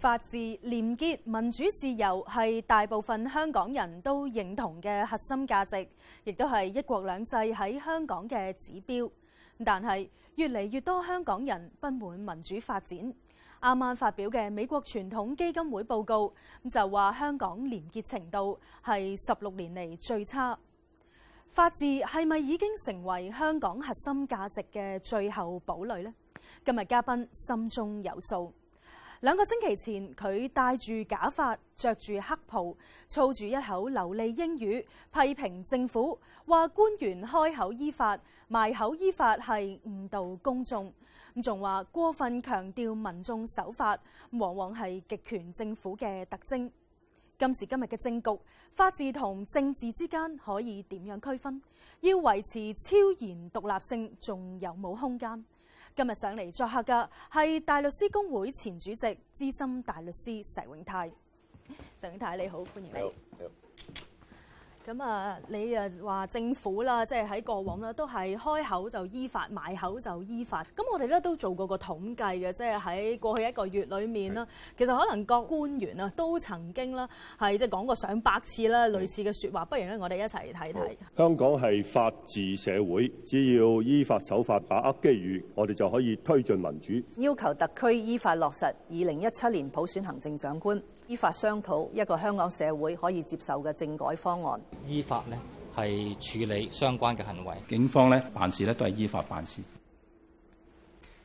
法治、廉潔、民主、自由係大部分香港人都認同嘅核心價值，亦都係一國兩制喺香港嘅指標。但係越嚟越多香港人不滿民主發展。啱啱發表嘅美國傳統基金會報告就話香港廉潔程度係十六年嚟最差。法治係咪已經成為香港核心價值嘅最後堡壘呢？今日嘉賓心中有數。兩個星期前，佢戴住假髮，着住黑袍，操住一口流利英語，批評政府話官員開口依法，埋口依法係誤導公眾。咁仲話過分強調民眾守法，往往係極權政府嘅特徵。今時今日嘅政局，法治同政治之間可以點樣區分？要維持超然獨立性，仲有冇空間？今日上嚟作客嘅係大律師公會前主席、資深大律師石永泰。石永泰，你好，歡迎你。你好，你好咁啊，你啊話政府啦，即係喺過往啦，都係開口就依法，埋口就依法。咁我哋咧都做過個統計嘅，即係喺過去一個月裏面啦，是其實可能各官員啊都曾經啦係即係講過上百次啦類似嘅說話。是不如咧，我哋一齊睇睇。香港係法治社會，只要依法守法，把握機遇，我哋就可以推進民主。要求特區依法落實二零一七年普選行政長官。依法商討一個香港社會可以接受嘅政改方案。依法呢係處理相關嘅行為，警方咧辦事咧都係依法辦事。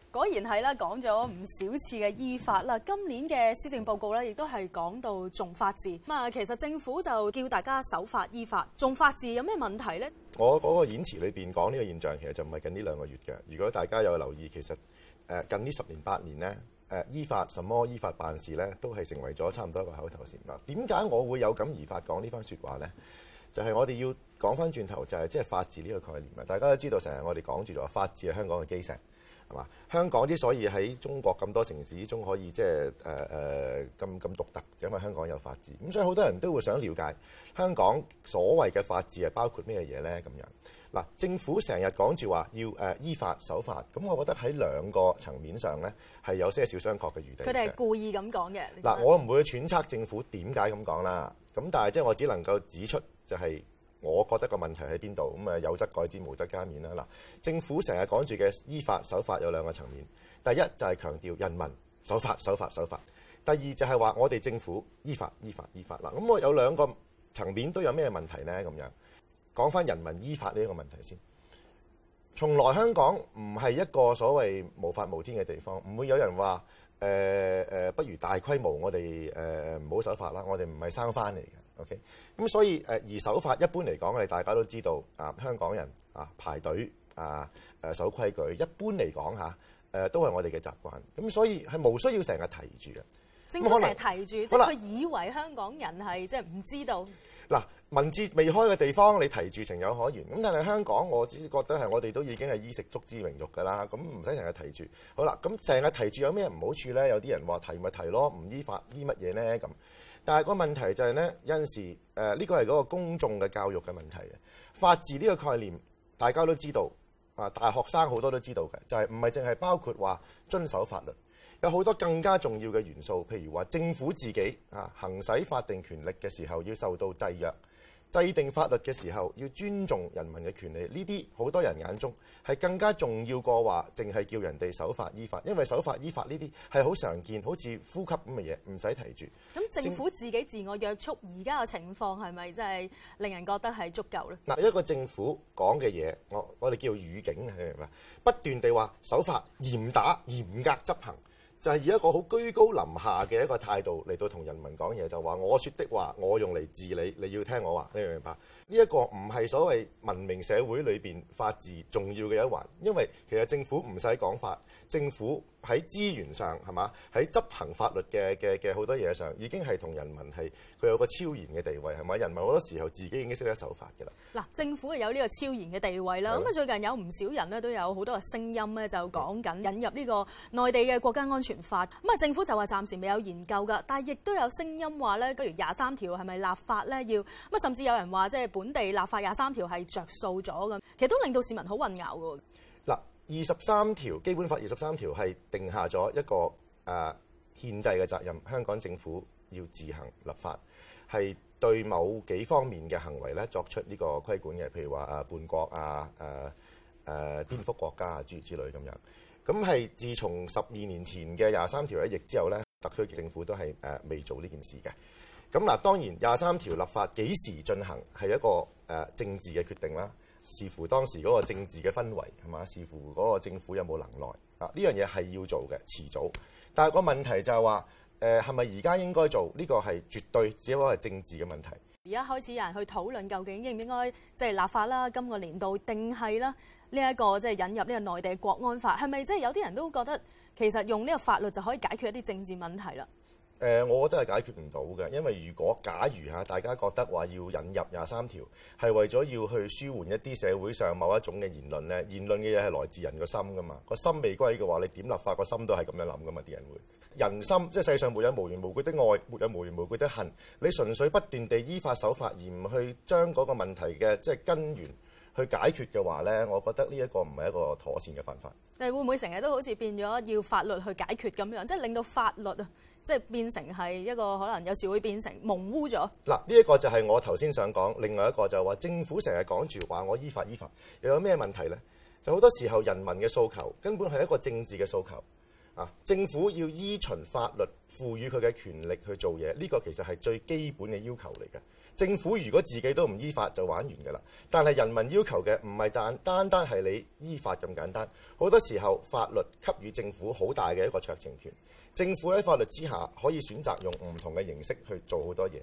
果然係啦，講咗唔少次嘅依法啦。今年嘅施政報告咧，亦都係講到重法治。咁啊，其實政府就叫大家守法、依法、重法治，有咩問題呢？我嗰個演詞裏邊講呢個現象，其實就唔係近呢兩個月嘅。如果大家有留意，其實誒近呢十年、八年呢。誒、呃、依法什麼依法辦事咧，都係成為咗差唔多一個口頭禪啦。點解我會有感而發講呢番説話咧？就係、是，我哋要講返轉頭，就係即係法治呢個概念啊！大家都知道成日我哋講住咗，法治係香港嘅基石。香港之所以喺中國咁多城市中可以即係誒誒咁咁獨特，就因為香港有法治。咁所以好多人都會想了解香港所謂嘅法治係包括咩嘢呢？咁樣嗱，政府成日講住話要誒、呃、依法守法，咁我覺得喺兩個層面上呢係有些少商榷嘅餘地。佢哋係故意咁講嘅。嗱，我唔會揣測政府點解咁講啦。咁但係即係我只能夠指出就係。我覺得個問題喺邊度？咁誒有則改之，無則加勉啦。嗱，政府成日講住嘅依法守法有兩個層面。第一就係強調人民守法守法守法。第二就係話我哋政府依法依法依法啦。咁我有兩個層面都有咩問題呢？咁樣講翻人民依法呢一個問題先。從來香港唔係一個所謂無法無天嘅地方，唔會有人話誒誒，不如大規模我哋誒唔好守法啦，我哋唔係生翻嚟嘅。OK，咁所以誒，而守法一般嚟講，我哋大家都知道啊，香港人啊排隊啊誒、啊、守規矩，一般嚟講嚇誒都係我哋嘅習慣。咁所以係冇需要成日提住，政府成日提住，好啦，即係佢以為香港人係即係唔知道嗱，民智未開嘅地方你提住情有可原。咁但係香港我只覺得係我哋都已經係衣食足之榮辱㗎啦，咁唔使成日提住。好啦，咁成日提住有咩唔好處咧？有啲人話提咪提咯，唔依法依乜嘢咧咁。但係個問題就係、是、咧，有陣時誒呢個係嗰個公眾嘅教育嘅問題嘅。法治呢個概念，大家都知道啊，大學生好多都知道嘅，就係唔係淨係包括話遵守法律，有好多更加重要嘅元素，譬如話政府自己啊，行使法定權力嘅時候要受到制約。制定法律嘅時候要尊重人民嘅權利，呢啲好多人眼中係更加重要過話淨係叫人哋守法依法，因為守法依法呢啲係好常見，好似呼吸咁嘅嘢，唔使提住。咁政府自己自我約束，而家嘅情況係咪真係令人覺得係足夠咧？嗱，一個政府講嘅嘢，我我哋叫語境，係咪不斷地話守法嚴打、嚴格執行。就係以一個好居高臨下嘅一個態度嚟到同人民講嘢，就話、是：“我說的話，我用嚟治理。”你要聽我話，你明唔明白？呢一個唔係所謂文明社會裏邊法治重要嘅一環，因為其實政府唔使講法，政府喺資源上係嘛，喺執行法律嘅嘅嘅好多嘢上，已經係同人民係佢有個超然嘅地位係咪？人民好多時候自己已經識得守法嘅啦。嗱，政府係有呢個超然嘅地位啦，咁啊的最近有唔少人咧都有好多嘅聲音咧就講緊引入呢個內地嘅國家安全法，咁啊政府就話暫時未有研究㗎，但係亦都有聲音話咧，譬如廿三條係咪立法咧要，咁啊甚至有人話即係。本地立法廿三條係着數咗嘅，其實都令到市民好混淆嘅。嗱，二十三條基本法二十三條係定下咗一個誒憲制嘅責任，香港政府要自行立法，係對某幾方面嘅行為咧作出呢個規管嘅，譬如話誒叛國啊、誒、啊、誒顛覆國家啊諸如之類咁樣。咁係自從十二年前嘅廿三條一役之後咧，特區政府都係誒未做呢件事嘅。咁嗱，當然廿三條立法幾時進行係一個誒政治嘅決定啦，視乎當時嗰個政治嘅氛圍，係嘛，視乎嗰個政府有冇能耐啊，呢樣嘢係要做嘅，遲早。但係個問題就係話誒係咪而家應該做呢，呢個係絕對只不過係政治嘅問題，而家開始有人去討論究竟應唔應該即係立法啦，今個年度定係啦呢一個即係引入呢個內地的國安法係咪即係有啲人都覺得其實用呢個法律就可以解決一啲政治問題啦？誒，我覺得係解決唔到嘅，因為如果假如嚇大家覺得話要引入廿三條，係為咗要去舒緩一啲社會上某一種嘅言論咧，言論嘅嘢係來自人個心噶嘛。個心未歸嘅話，你點立法個心都係咁樣諗噶嘛？啲人會人心即係世上沒有無緣無故的愛，沒有無緣無故的恨。你純粹不斷地依法守法而唔去將嗰個問題嘅即係根源去解決嘅話咧，我覺得呢一個唔係一個妥善嘅辦法。但係會唔會成日都好似變咗要法律去解決咁樣，即係令到法律啊？即係變成係一個可能，有時會變成蒙污咗。嗱，呢一個就係我頭先想講，另外一個就係話政府成日講住話我依法依法，又有咩問題呢？就好多時候人民嘅訴求根本係一個政治嘅訴求。啊，政府要依循法律賦予佢嘅權力去做嘢，呢個其實係最基本嘅要求嚟嘅。政府如果自己都唔依法，就玩完㗎啦。但係人民要求嘅唔係單單單係你依法咁簡單，好多時候法律給予政府好大嘅一個酌情權，政府喺法律之下可以選擇用唔同嘅形式去做好多嘢。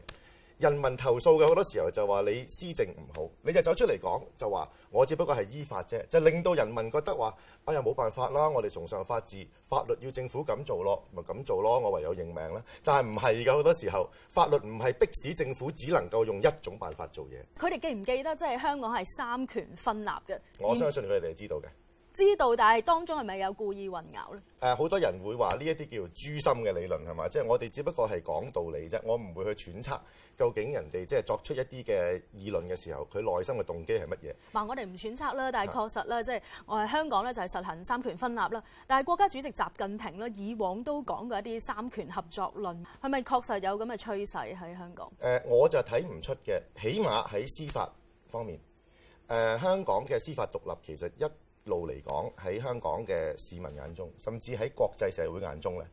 人民投訴嘅好多時候就話你施政唔好，你就走出嚟講就話我只不過係依法啫，就令到人民覺得話啊又冇辦法啦，我哋崇尚法治，法律要政府咁做咯，咪咁做咯，我唯有認命啦。但係唔係㗎，好多時候法律唔係逼使政府只能夠用一種辦法做嘢。佢哋記唔記得即係、就是、香港係三權分立嘅？我相信佢哋係知道嘅。知道，但係當中係咪有故意混淆咧？誒、呃，好多人會話呢一啲叫誅心嘅理論係嘛？即係、就是、我哋只不過係講道理啫。我唔會去揣測究竟人哋即係作出一啲嘅議論嘅時候，佢內心嘅動機係乜嘢。嗱是的，我哋唔揣測啦，但係確實啦，即係我係香港咧就係實行三權分立啦。但係國家主席習近平咧，以往都講過一啲三權合作論，係咪確實有咁嘅趨勢喺香港？誒、呃，我就睇唔出嘅。起碼喺司法方面，誒、呃、香港嘅司法獨立其實一。路嚟講喺香港嘅市民眼中，甚至喺國際社會眼中咧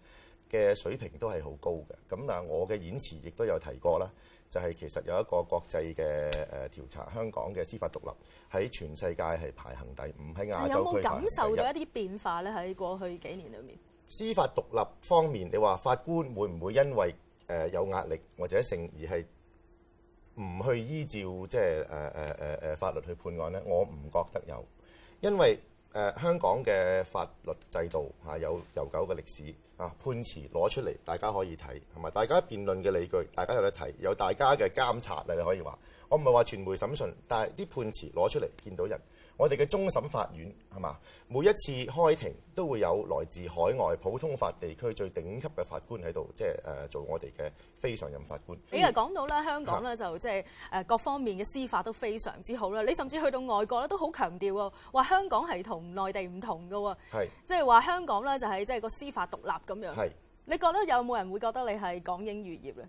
嘅水平都係好高嘅。咁啊，我嘅演辭亦都有提過啦，就係、是、其實有一個國際嘅誒調查，香港嘅司法獨立喺全世界係排行第五，喺亞洲區排第一。有冇感受到一啲變化咧？喺過去幾年裡面，司法獨立方面，你話法官會唔會因為誒有壓力或者剩而係唔去依照即係誒誒誒誒法律去判案咧？我唔覺得有。因為誒、呃、香港嘅法律制度嚇、啊、有悠久嘅歷史啊，判詞攞出嚟，大家可以睇，同埋大家辯論嘅理據，大家有得睇，有大家嘅監察嚟，你可以話我唔係話傳媒審訊，但係啲判詞攞出嚟見到人。我哋嘅終審法院係嘛，每一次開庭都會有來自海外普通法地區最頂級嘅法官喺度，即係誒做我哋嘅非常任法官。你又講到啦，香港咧是就即係誒各方面嘅司法都非常之好啦。你甚至去到外國咧都好強調喎，話香港係同內地唔同嘅喎，即係話香港咧就係即係個司法獨立咁樣。是你覺得有冇人會覺得你係港英餘孽咧？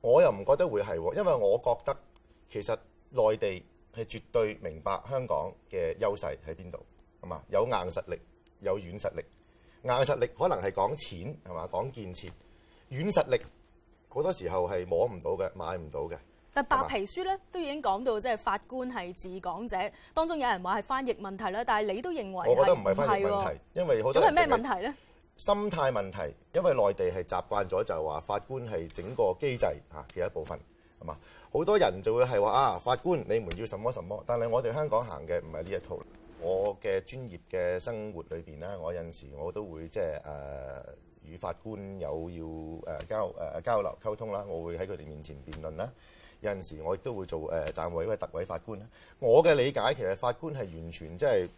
我又唔覺得會係，因為我覺得其實內地。係絕對明白香港嘅優勢喺邊度，係嘛？有硬實力，有軟實力。硬實力可能係講錢，係嘛？講建設。軟實力好多時候係摸唔到嘅，買唔到嘅。但白皮書咧，係嘛？都已經講到即係法官係治港者，當中有人話係翻譯問題啦。但係你都認為係咪，我覺得唔係翻譯問題，因為好多人都係咩問題咧？心態問題，因為內地係習慣咗就係話法官係整個機制嚇嘅一部分。係嘛？好多人就會係話啊，法官，你們要什麼什麼？但係我哋香港行嘅唔係呢一套。我嘅專業嘅生活裏邊咧，我有陣時我都會即係誒與法官有要誒交誒交流溝通啦。我會喺佢哋面前辯論啦。有陣時我亦都會做誒暫委或者特委法官啦。我嘅理解其實法官係完全即係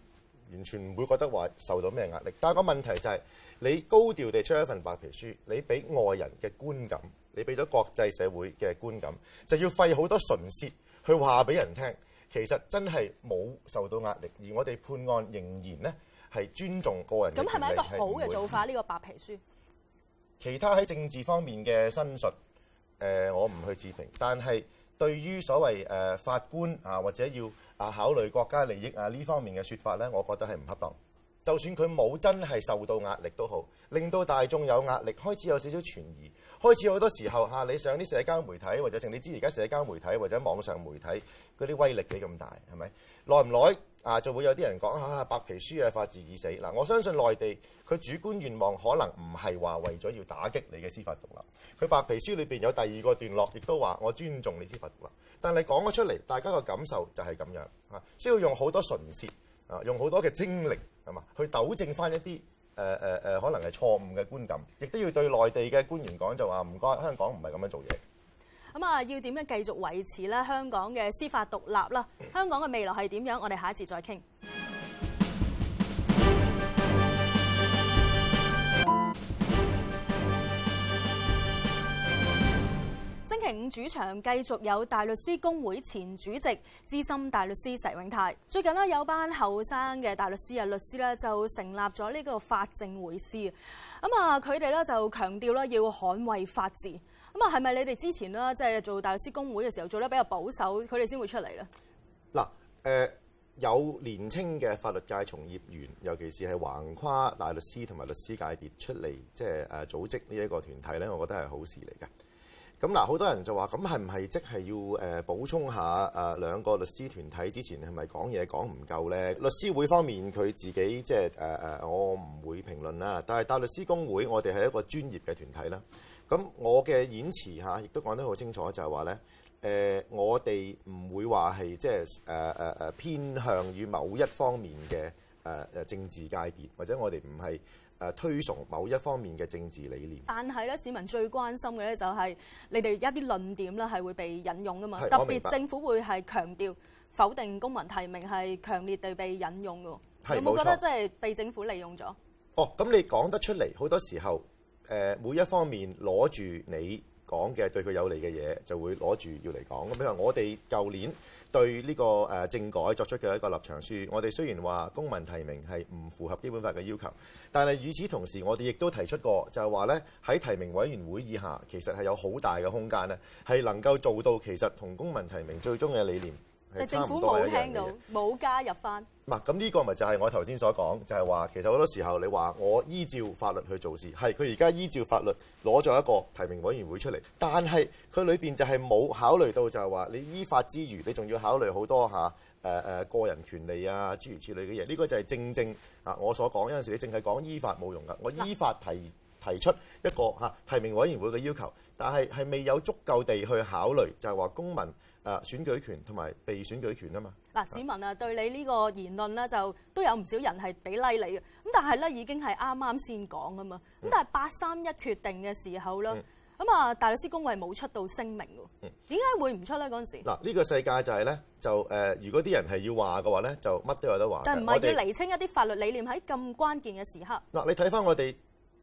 完全唔會覺得話受到咩壓力。但係個問題就係你高調地出一份白皮書，你俾外人嘅觀感。你俾咗國際社會嘅觀感，就要費好多唇舌去話俾人聽。其實真係冇受到壓力，而我哋判案仍然呢係尊重個人。咁係咪一個好嘅做法？呢個白皮書其他喺政治方面嘅申述，誒、呃、我唔去置評。但係對於所謂誒、呃、法官啊或者要啊考慮國家利益啊呢方面嘅説法呢，我覺得係唔恰當。就算佢冇真係受到壓力都好，令到大眾有壓力，開始有少少存疑，開始好多時候嚇、啊，你上啲社交媒體或者成，你知而家社交媒體或者網上媒體嗰啲威力幾咁大，係咪？耐唔耐啊，就會有啲人講嚇、啊、白皮書嘅法治已死。嗱、啊，我相信內地佢主觀願望可能唔係話為咗要打擊你嘅司法獨立，佢白皮書裏邊有第二個段落，亦都話我尊重你司法獨立，但係講咗出嚟，大家嘅感受就係咁樣嚇、啊，需要用好多唇舌。啊！用好多嘅精力咁啊，去糾正翻一啲誒誒誒，可能係錯誤嘅觀感，亦都要對內地嘅官員講就話唔該，香港唔係咁樣做嘢。咁啊，要點樣繼續維持咧香港嘅司法獨立啦？香港嘅未來係點樣？我哋下一次再傾。星期五主場繼續有大律師公會前主席資深大律師石永泰。最近呢，有班後生嘅大律師啊律師咧就成立咗呢個法政匯思，咁啊佢哋咧就強調咧要捍衛法治。咁啊係咪你哋之前咧即係做大律師公會嘅時候做得比較保守，佢哋先會出嚟咧？嗱、呃，誒有年青嘅法律界從業員，尤其是係橫跨大律師同埋律師界別出嚟，即係誒組織呢一個團體咧，我覺得係好事嚟嘅。咁嗱，好多人就話：咁係唔係即係要誒補充下誒兩個律師團體之前係咪講嘢講唔夠呢？律師會方面佢自己即係誒誒，我唔會評論啦。但係大律師公會我哋係一個專業嘅團體啦。咁我嘅演辭吓亦都講得好清楚，就係話呢，誒，我哋唔會話係即係誒誒誒偏向於某一方面嘅誒誒政治界別，或者我哋唔係。誒推崇某一方面嘅政治理念，但係咧，市民最關心嘅咧就係你哋一啲論點啦，係會被引用噶嘛？特別政府會係強調否定公民提名係強烈地被引用嘅。是有冇覺得真係被政府利用咗？哦，咁你講得出嚟好多時候，誒每一方面攞住你，講嘅對佢有利嘅嘢，就會攞住要嚟講。咁比如我哋舊年對呢個誒政改作出嘅一個立場書，我哋雖然話公民提名係唔符合基本法嘅要求，但係與此同時，我哋亦都提出過就係話呢，喺提名委員會以下，其實係有好大嘅空間呢，係能夠做到其實同公民提名最終嘅理念。政府冇聽到，冇加入翻。咁呢個咪就係我頭先所講，就係話其實好多時候你話我依照法律去做事，係佢而家依照法律攞咗一個提名委員會出嚟，但係佢裏邊就係冇考慮到就係話你依法之餘，你仲要考慮好多下誒誒個人權利啊諸如此類嘅嘢。呢個就係正正啊我所講，有陣時你淨係講依法冇用㗎，我依法提提出一個嚇提名委員會嘅要求，但係係未有足夠地去考慮就係話公民。誒選舉權同埋被選舉權啊嘛，嗱，市民啊，對你呢個言論咧，就都有唔少人係俾拉你嘅咁，但係咧已經係啱啱先講啊嘛咁，嗯、但係八三一決定嘅時候咧咁啊，嗯、大律師公會冇出到聲明喎，點解會唔出咧嗰陣時嗱？呢、呢個世界就係咧，就誒、呃，如果啲人係要話嘅話咧，就乜都有得話，就唔係要釐清一啲法律理念喺咁關鍵嘅時刻嗱。你睇翻我哋。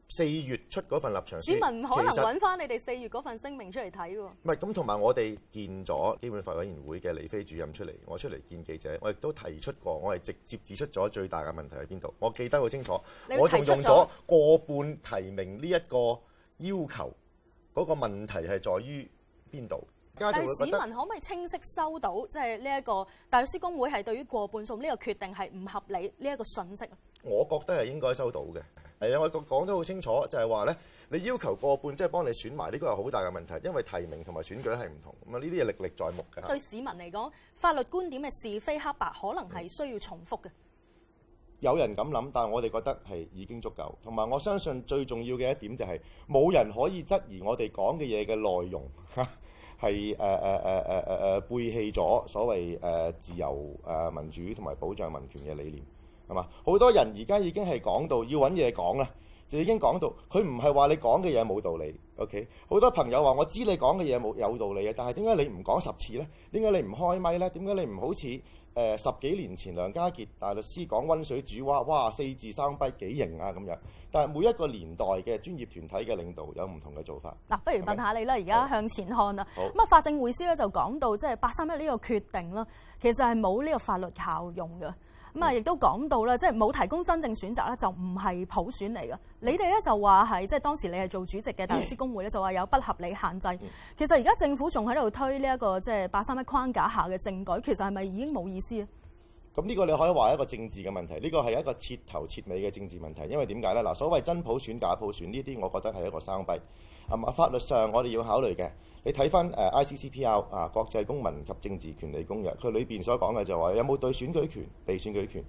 四月出嗰份立場，市民唔可能揾翻你哋四月嗰份聲明出嚟睇喎。唔係咁，同埋我哋見咗基本法委員會嘅李飛主任出嚟，我出嚟見記者，我亦都提出過，我係直接指出咗最大嘅問題喺邊度。我記得好清楚，我仲用咗過半提名呢一個要求，嗰個問題係在於邊度？但係市民可唔可以清晰收到，即係呢一個大律師公會係對於過半數呢個決定係唔合理呢一個訊息？我覺得係應該收到嘅。係，我講得好清楚，就係話咧，你要求過半，即係幫你選埋，呢個係好大嘅問題，因為提名同埋選舉係唔同。咁啊，呢啲嘢歷歷在目嘅。對市民嚟講，法律觀點嘅是非黑白，可能係需要重複嘅、嗯。有人咁諗，但係我哋覺得係已經足夠。同埋我相信最重要嘅一點就係、是，冇人可以質疑我哋講嘅嘢嘅內容吓，係誒誒誒誒誒誒背棄咗所謂誒自由誒、呃、民主同埋保障民權嘅理念。係嘛？好多人而家已經係講到要揾嘢講啦，就已經講到佢唔係話你講嘅嘢冇道理。OK，好多朋友話：我知你講嘅嘢冇有道理啊，但係點解你唔講十次呢？點解你唔開咪呢？點解你唔好似誒十幾年前梁家傑大律師講溫水煮蛙？哇，四字三筆幾型啊咁樣。但係每一個年代嘅專業團體嘅領導有唔同嘅做法。嗱，不如問下你啦，而家嗎向前看啦。好咁啊，法政匯思咧就講到即係八三一呢個決定啦，其實係冇呢個法律效用嘅。咁啊，亦都講到啦，即係冇提供真正選擇咧，就唔係普選嚟噶。你哋咧就話係即係當時你係做主席嘅大律師公會咧，就話有不合理限制。嗯、其實而家政府仲喺度推呢一個即係八三一框架下嘅政改，其實係咪已經冇意思啊？咁呢個你可以話一個政治嘅問題，呢個係一個徹頭徹尾嘅政治問題，因為點解咧？嗱，所謂真普選、假普選呢啲，這些我覺得係一個生幣啊。法律上我哋要考慮嘅。你睇翻 ICCPR 啊，國際公民及政治權利公約，佢裏面所講嘅就話有冇對選舉權、被選舉權、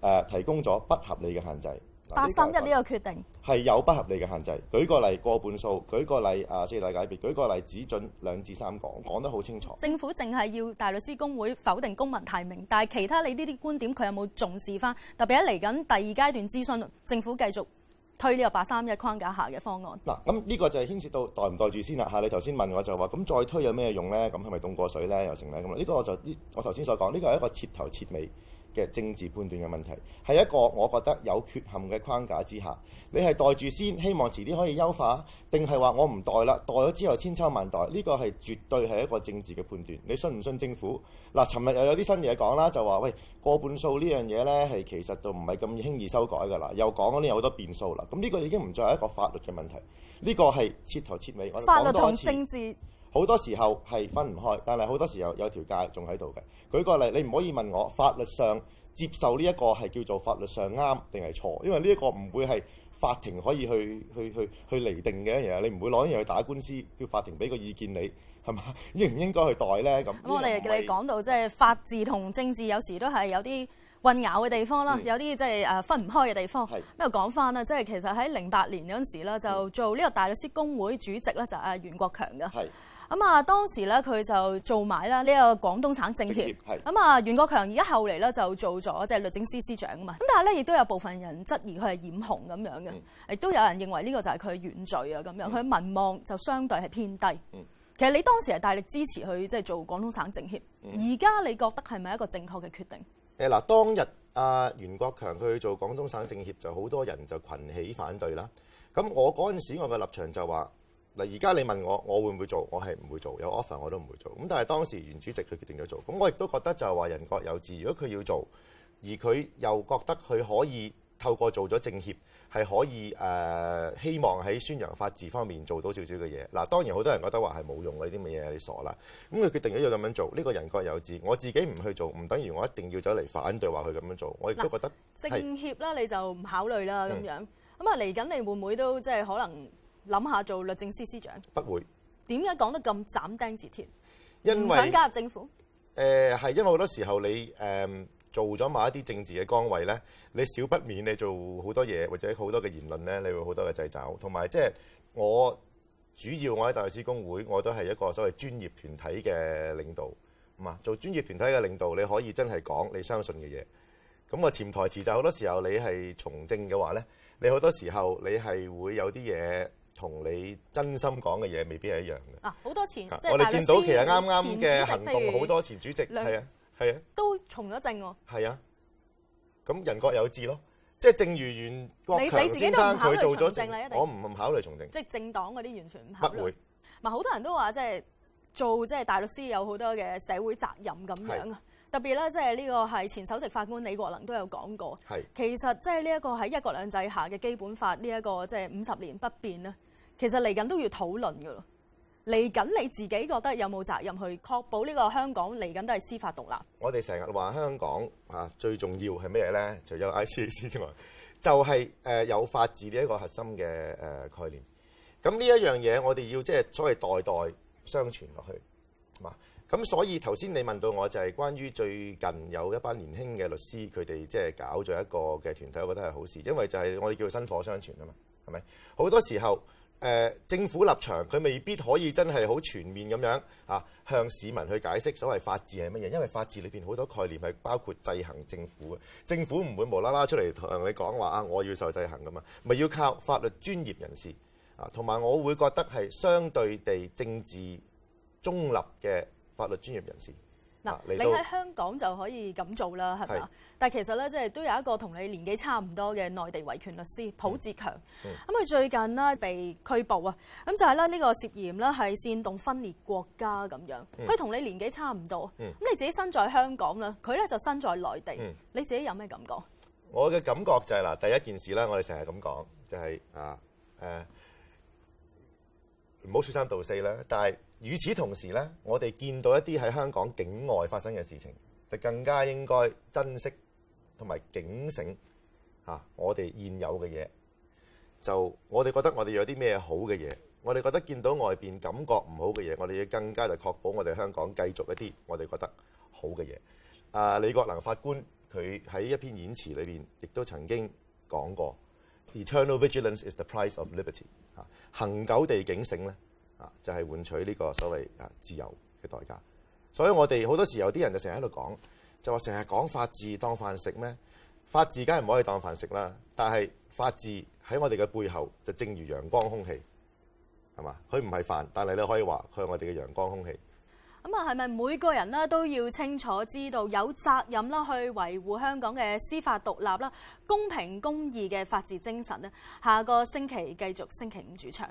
啊、提供咗不合理嘅限制？八三一呢個決定係有不合理嘅限制。舉個例過半數，舉個例啊四大界別，舉個例只準兩至三講，講得好清楚。政府淨係要大律師公會否定公民提名，但係其他你呢啲觀點，佢有冇重視翻？特別喺嚟緊第二階段諮詢，政府繼續，推呢個八三一框架下嘅方案。嗱，咁呢個就係牽涉到待唔待住先啦嚇。你頭先問我就話，咁再推有咩用咧？咁係咪凍過水咧？又剩咧咁啊？呢個我就，我頭先所講，呢個係一個徹頭徹尾嘅政治判斷嘅問題，係一個我覺得有缺陷嘅框架之下，你係待住先，希望遲啲可以優化，定係話我唔待啦，待咗之後千秋萬代，呢個係絕對係一個政治嘅判斷，你信唔信政府？嗱，尋日又有啲新嘢講啦，就話：「喂，過半數呢樣嘢呢，係其實就唔係咁輕易修改㗎啦，又講嗰啲有好多變數啦。咁呢個已經唔再係一個法律嘅問題，呢個係徹頭徹尾。我法律同政治。好多時候係分唔開，但係好多時候有，有條界仲喺度嘅。舉個例，你唔可以問我法律上接受呢一個係叫做法律上啱定係錯，因為呢一個唔會係法庭可以去去去去釐定嘅嘢。你唔會攞啲嘢去打官司，叫法庭俾個意見你，係嘛？應唔應該去代呢？咁。我哋你講到即係法治同政治有時都係有啲混淆嘅地方啦，有啲即係誒分唔開嘅地方。咁啊講翻啦，即係其實喺零八年嗰陣時啦，就做呢個大律師公會主席咧，就係阿袁國強嘅。咁啊，當時咧佢就做埋啦呢個廣東省政協，咁啊袁國強而家後嚟咧就做咗即係律政司司長啊嘛。咁但係咧亦都有部分人質疑佢係染紅咁樣嘅，亦都、嗯、有人認為呢個就係佢嘅原罪啊咁樣。佢嘅、嗯、民望就相對係偏低。嗯、其實你當時係大力支持佢即係做廣東省政協，而家、嗯、你覺得係咪一個正確嘅決定？誒嗱，當日阿袁國強去做廣東省政協，就好多人就群起反對啦。咁我嗰陣時我嘅立場就話。嗱，而家你問我，我會唔會做？我係唔會做，有 offer 我都唔會做。咁但係當時袁主席佢決定咗做，咁我亦都覺得就係話人各有志。如果佢要做，而佢又覺得佢可以透過做咗政協，係可以誒、呃、希望喺宣揚法治方面做到少少嘅嘢。嗱，當然好多人都覺得話係冇用嘅呢啲咁嘅嘢，東西你傻啦。咁佢決定咗要咁樣做，呢、這個人各有志。我自己唔去做，唔等於我一定要走嚟反對話佢咁樣做。我亦都覺得政協啦，你就唔考慮啦咁樣。咁啊，嚟緊你會唔會都即係可能？諗下做律政司司長，不會。點解講得咁斬釘截鐵？唔為想加入政府？誒、呃，係因為好多時候你誒、呃、做咗某一啲政治嘅崗位咧，你少不免你做好多嘢，或者好多嘅言論咧，你會好多嘅掣肘。同埋即係我主要我喺大律師公會，我都係一個所謂專業團體嘅領導。啊，做專業團體嘅領導，你可以真係講你相信嘅嘢。咁啊，潛台詞就好多時候你係從政嘅話咧，你好多時候你係會有啲嘢。同你真心講嘅嘢未必係一樣嘅。啊，好多次，即係我哋見到其實啱啱嘅行動好多前主席係如啊，係啊，都從咗政喎。係啊，咁、哦啊、人各有志咯。即係正如袁國強你你自己都先生佢做咗政啦，政一定我唔考慮從政。即係政黨嗰啲完全唔考慮。不會。好多人都話即係做即係大律師有好多嘅社會責任咁樣啊。特別咧，即係呢個係前首席法官李國能都有講過。係是其實即係呢一個喺一國兩制下嘅基本法呢一個即係五十年不變咧，其實嚟緊都要討論㗎咯。嚟緊你自己覺得有冇責任去確保呢個香港嚟緊都係司法獨立？我哋成日話香港啊，最重要係咩嘢咧？除咗 I C A C 之外，就係、是、誒有法治呢一個核心嘅誒概念。咁呢一樣嘢，我哋要即係所謂代代相傳落去，係嘛？咁、嗯、所以頭先你問到我就係、是、關於最近有一班年輕嘅律師佢哋即係搞咗一個嘅團體，我覺得係好事，因為就係我哋叫薪火相傳啊嘛，係咪？好多時候誒、呃、政府立場佢未必可以真係好全面咁樣啊向市民去解釋所謂法治係乜嘢，因為法治裏邊好多概念係包括制衡政府嘅，政府唔會無啦啦出嚟同你講話啊，我要受制衡噶嘛，咪、啊、要靠法律專業人士啊，同埋我會覺得係相對地政治中立嘅。法律專業人士，嗱你喺香港就可以咁做啦，係咪？是 但係其實咧，即係都有一個同你年紀差唔多嘅內地維權律師，浦志強，咁佢、嗯、最近呢，被拘捕啊，咁就係咧呢個涉嫌咧係煽動分裂國家咁樣，佢同、嗯、你年紀差唔多，咁、嗯、你自己身在香港啦，佢咧就身在內地，嗯、你自己有咩感覺？我嘅感覺就係、是、嗱，第一件事咧，我哋成日咁講，就係、是、啊誒，唔好説三道四啦，但係。與此同時呢，我哋見到一啲喺香港境外發生嘅事情，就更加應該珍惜同埋警醒嚇我哋現有嘅嘢。就我哋覺得我哋有啲咩好嘅嘢，我哋覺得見到外邊感覺唔好嘅嘢，我哋要更加就確保我哋香港繼續一啲我哋覺得好嘅嘢。啊，李國能法官佢喺一篇演詞裏邊亦都曾經講過：Eternal vigilance is the price of liberty。嚇，恆久地警醒呢。啊，就係換取呢個所謂啊自由嘅代價，所以我哋好多時候有啲人就成日喺度講，就話成日講法治當飯食咩？法治梗係唔可以當飯食啦。但係法治喺我哋嘅背後，就正如陽光空氣係嘛，佢唔係飯，但係你可以話佢係我哋嘅陽光空氣咁啊。係咪每個人呢都要清楚知道有責任啦，去維護香港嘅司法獨立啦、公平公義嘅法治精神咧？下個星期繼續星期五主場。